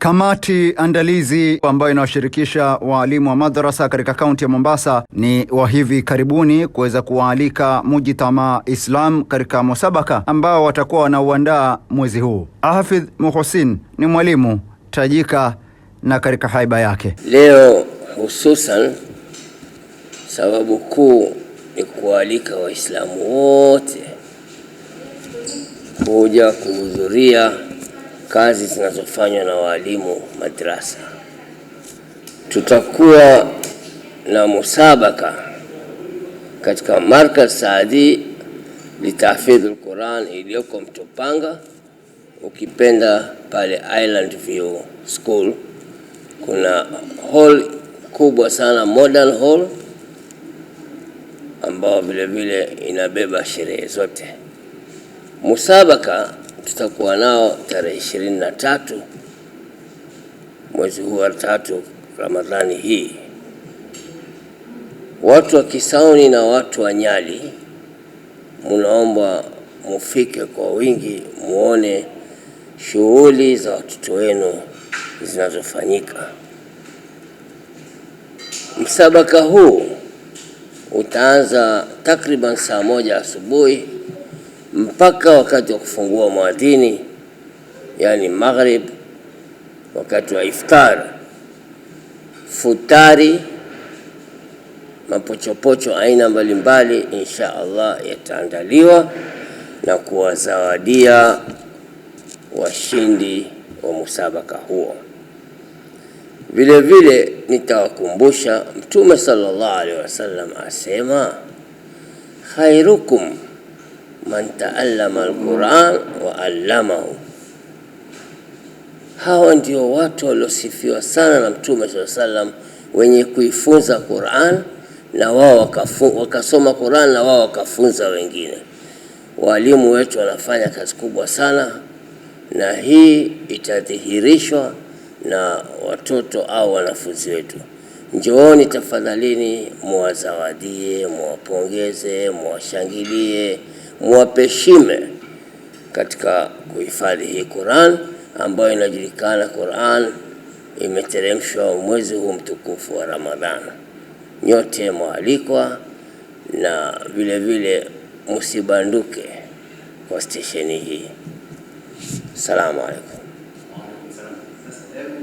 Kamati andalizi ambayo inawashirikisha waalimu wa madarasa katika kaunti ya Mombasa ni wa hivi karibuni kuweza kuwaalika Mujtama Islam katika musabaka ambao watakuwa wanauandaa mwezi huu. Hafidh Muhsin ni mwalimu tajika na katika haiba yake leo hususan, sababu kuu ni kuwaalika Waislamu wote kuja kuhudhuria kazi zinazofanywa na walimu madrasa. Tutakuwa na musabaka katika Markaz Saadi litahfidhul Quran iliyoko Mtopanga, ukipenda pale Island View School. Kuna hall kubwa sana, modern hall ambao vilevile inabeba sherehe zote. Musabaka tutakuwa nao tarehe ishirini na tatu mwezi huu wa tatu Ramadhani hii. Watu wa Kisauni na watu wa Nyali, munaomba mufike kwa wingi, muone shughuli za watoto wenu zinazofanyika. Msabaka huu utaanza takriban saa moja asubuhi mpaka wakati wa kufungua mwadhini, yani maghrib, wakati wa iftar, futari, mapochopocho aina mbalimbali, insha Allah yataandaliwa na kuwazawadia washindi wa musabaka huo. Vile vile nitawakumbusha Mtume sallallahu alaihi wasallam asema khairukum man taallama alquran wa allamahu, hawa ndio watu waliosifiwa sana na Mtume saa salam, wenye kuifunza Quran na wao wakasoma Quran na wao wakafunza wengine. Walimu wetu wanafanya kazi kubwa sana, na hii itadhihirishwa na watoto au wanafunzi wetu. Njooni tafadhalini, muwazawadie, muwapongeze, muwashangilie muwapeshime katika kuhifadhi hii Qur'an ambayo inajulikana Qur'an imeteremshwa mwezi huu mtukufu wa Ramadhani. Nyote mwalikwa na vile vile msibanduke kwa stesheni hii. Salamu alaikum.